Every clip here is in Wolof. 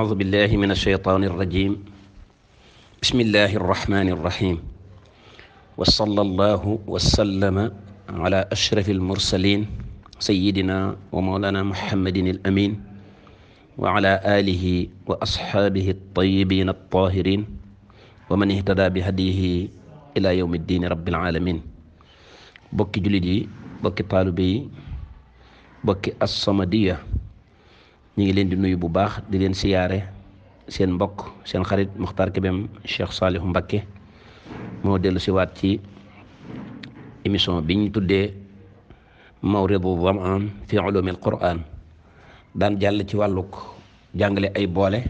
أعوذ بالله من الشيطان الرجيم بسم الله الرحمن الرحيم وصلى الله وسلم على أشرف المرسلين سيدنا ومولانا محمد الأمين وعلى آله وأصحابه الطيبين الطاهرين ومن اهتدى بهديه إلى يوم الدين رب العالمين بك جلدي بك طالبي بك الصمديه ñu ngi leen di nuyu bu baax di leen siyaare seen mbokk seen xarit Muxtaar Kebem Cheikh Saalihu Mbakke moo dellu siwaat ci émission bi ñu tuddee mawridu zam'an fi ulumil Qur'an daan jàll ci wàllug jàngale ay boole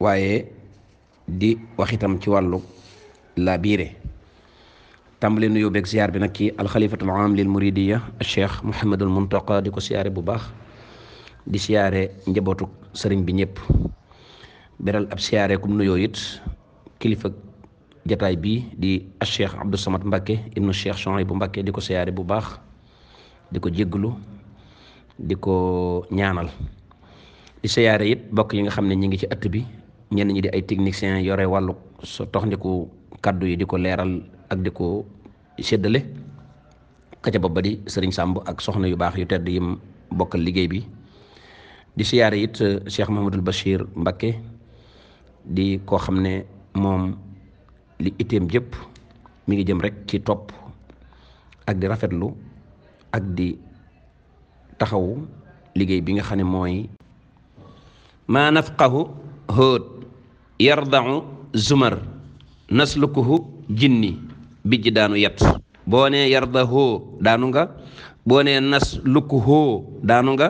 waaye di waxitam ci wàllug la biire tàmbali nuyoo beeg ziar bi nag ci alxalifatul aam lil muridiya cheikh Mouhamadul Muntaqa di ko siyaare bu baax. di siyaare njabootu sëriñ bi ñëpp beral ab siyaare kum nuyoo it kilifa jataay bi di Cheikh Abdou Samad Mbacké ibnu Cheikh bu Mbacké di ko siyaare bu baax di ko jégglu di ko ñaanal di siyaare it bokk yi nga xam ne ñi ngi ci ëtt bi ñenn ñi di ay techniciens yore wàllu so toxndiku kàddu yi di ko leeral ak di ko séddale kaca ba ba di Sàmb ak soxna yu baax yu tedd yim bokkal liggéey bi di siyaare it euh, Cheikh Mahamadul Bachir Mbakke di koo xam ne moom li itteem mi ngi jëm rek ci topp ak rafetlu ak di taxawu liggéey bi nga xam ne mooy maa nafqahu hóot yardahu zumar naslukuhu jinni bi daanu yet boo nee yarda hoo daanu nga boo nee naslukuhu daanu nga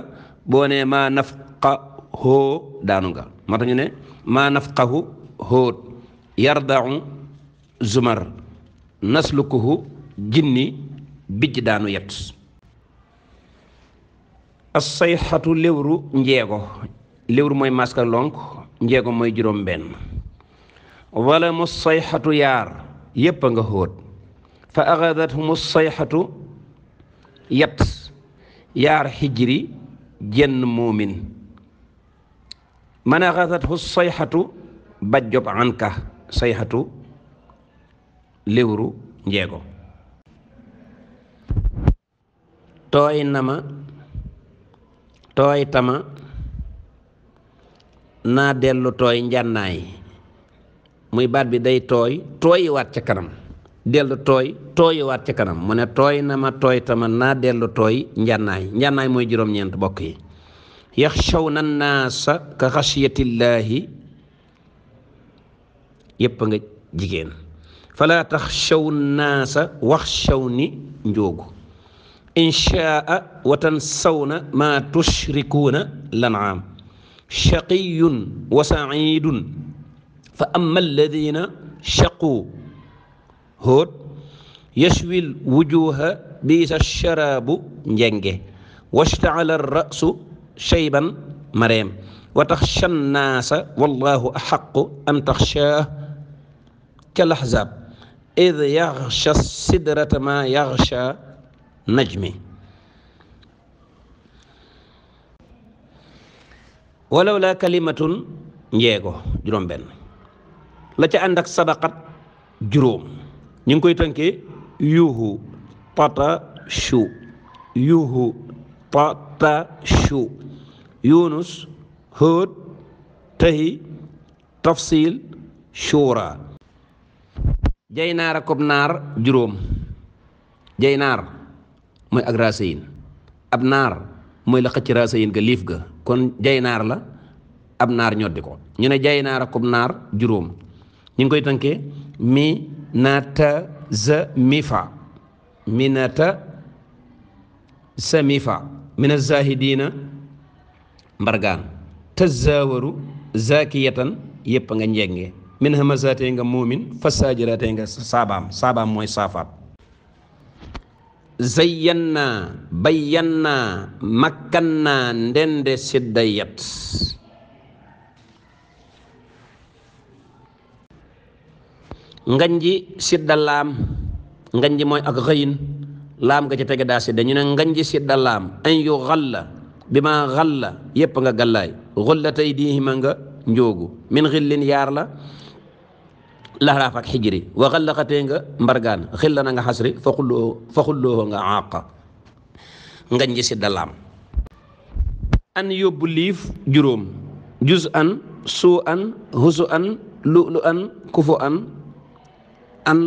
boo nee maa nafqahoo daanu nga moo tax ñu ne maa nafqahu hóot yardahu zumar naslukuhu jinni bijj daanu yet assayxatu léwru njeego léwru mooy maska lonk njeego mooy juróom benn wala mu sayxatu yaar yépp a nga hóot fa axadathum sayxatu yat yaar xijri jenn muumin man axasathu sayxatu bajjob anka sayxatu liwru njeego tooy nama tooy tama naa dellu tooy njànnaay muy baat bi day tooy tooyiwaat ca kanam dellu tooy tooyiwaat ci kanam mu ne tooy na ma tooy tama naa dellu tooy njànnaay njànnaay mooy juróom-ñeent bokk yi yaxshawna naasa ka xasiyatillaahi yépp nga jigéen falaa taxshaw naasa waxshaw ni njoogu inchaa wa tansawna maa tushrikuuna lanaam shaqiyun wa saidun fa amma alladina shaquu hóot yashwil wujuha biisa sharaabu njenge washtaala rasu shayban mareem wa taxsha nnaasa wallahu axaqu an taxshaah ca laxzaab id yaxsha sidrata ma yaxsha najmi walaw laa kalimatun njeego juróom benn la ca ànd ak sadaqat juróom ñu ngi koy tënkee yuuhu yuuxu yuuhu patashu yunus hóod tahi tafsil shura jay naar akob naar juróom jay naar mooy ak raasayin ab naar mooy la xëcc raasayin ga liif ga kon jay naar la ab naar ñoddi ko ñu ne jay naar akob naar juróom ñu ngi koy tënkee mi nata zamifa minata samifa mina zahidina mbargaan tazawaru zakiyatan yëpp nga njenge min hamazaatee nga muumin fasajiraatee nga saabaam saabaam mooy saafaat zayyan na bayyan na makkan na ndende siddayat ngañ ji sidda laam ngañ ji mooy ak xëyin laam nga ci tege daa sidda ne ngañ ji sidda laam an yu xalla bi ma xalla yépp nga gàllaay xulla tay diihima nga njoogu min xillin yaar la laxraaf ak xijiri wa xallaxatee nga mbargaan xilla na nga xasri fa xulloo fa xulloo nga àqa sidda laam an yóbbu liif juróom juz an suu an husu an lu an kufu an an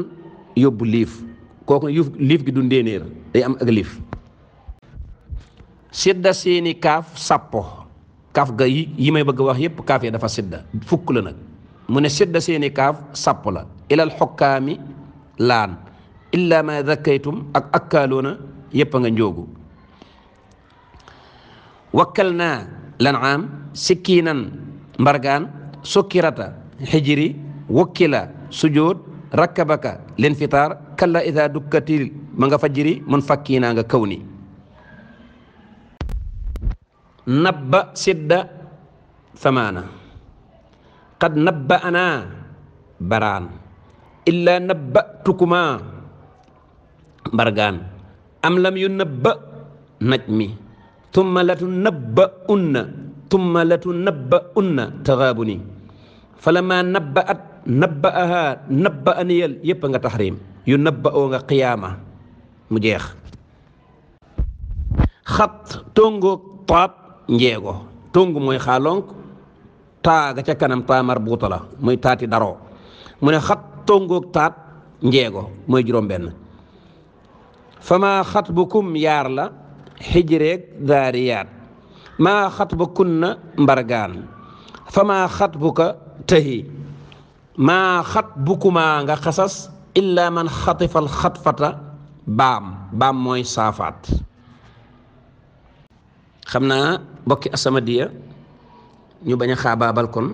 yóbbu liif kooku yuuf liif gi du ndéenéer day am ak liif sidda seeni kaaf sappo kaaf ga yi may bëgg wax yépp kaaf yi dafa sidda fukk la nag mu ne sidda seeni kaaf sappo la ilal xokkaami laan illa ma zakkaytum ak akkaaloona yépp a nga njoogu wakkal naa lan aam sikkiinan mbargaan sukkirata xijiri wakkila sujood rakkabaka len fitaar kalla ida dukkatil ma nga fajiri mun fakkiinaa nga kaw ni nabba sidda thamaana qad nabba ana baraan illa nabba tukuma mbargaan am lam yu nabba najmi tumma latu nabba unna tumma latu nabba unna taraabuni falama nabba at nabba'aha nabba'aniyal yépp nga taxrim yu nabba'oo nga qiyaama mu jeex xat tongoog taab njeego tong mooy xaalonk taa ga ca kanam taa marbuuta la muy taati daroo mu ne xat tongoog taat njeego mooy juróom benn fama xat bu kum yaar la xijreeg daariyaat maa xat bu kun mbargaan fama xat bu ka tëhi maa xat bukumaa nga xasas illa man xatifal xatfata baam baam mooy saafaat xam na mbokki asamadiya ñu bañ a xaabaabal kon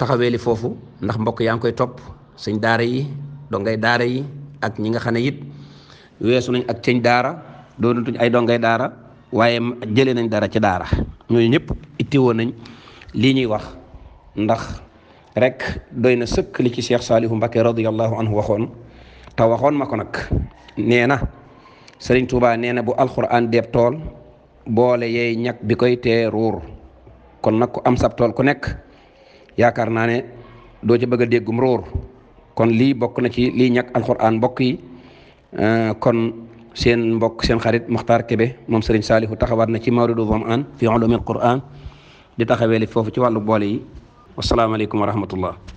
taxaweeli foofu ndax mbokk yaa ngi koy topp sëñ daara yi dongay daara yi ak ñi nga xam ne it weesu nañ ak cëñ daara doonatuñ ay dongay daara waaye jëlee nañ dara ci daara ñooñu ñëpp itti woon nañ lii ñuy wax ndax rek doy na sëkk li ci Cheikh Saalihu Mbacké radiallahu anhu waxoon te waxoon ma ko nag nee na Sëriñ Tuubaa nee na bu alxuraan deeb tool boole yeey ñag bi koy tee ruur kon nag ku am sab tool ku nekk yaakaar naa ne doo ci bëgg a déggum ruur kon lii bokk na ci lii ñag alxuraan mbokk yi euh, kon seen mbokk seen xarit Makhtar Kébé moom Sëriñ Saalihu taxawaat na ci mawridu Zam'aan fi ulumil Qur'aan di taxawee li foofu ci wàllu boole yi wasalaamaaleykum wa rahmatullah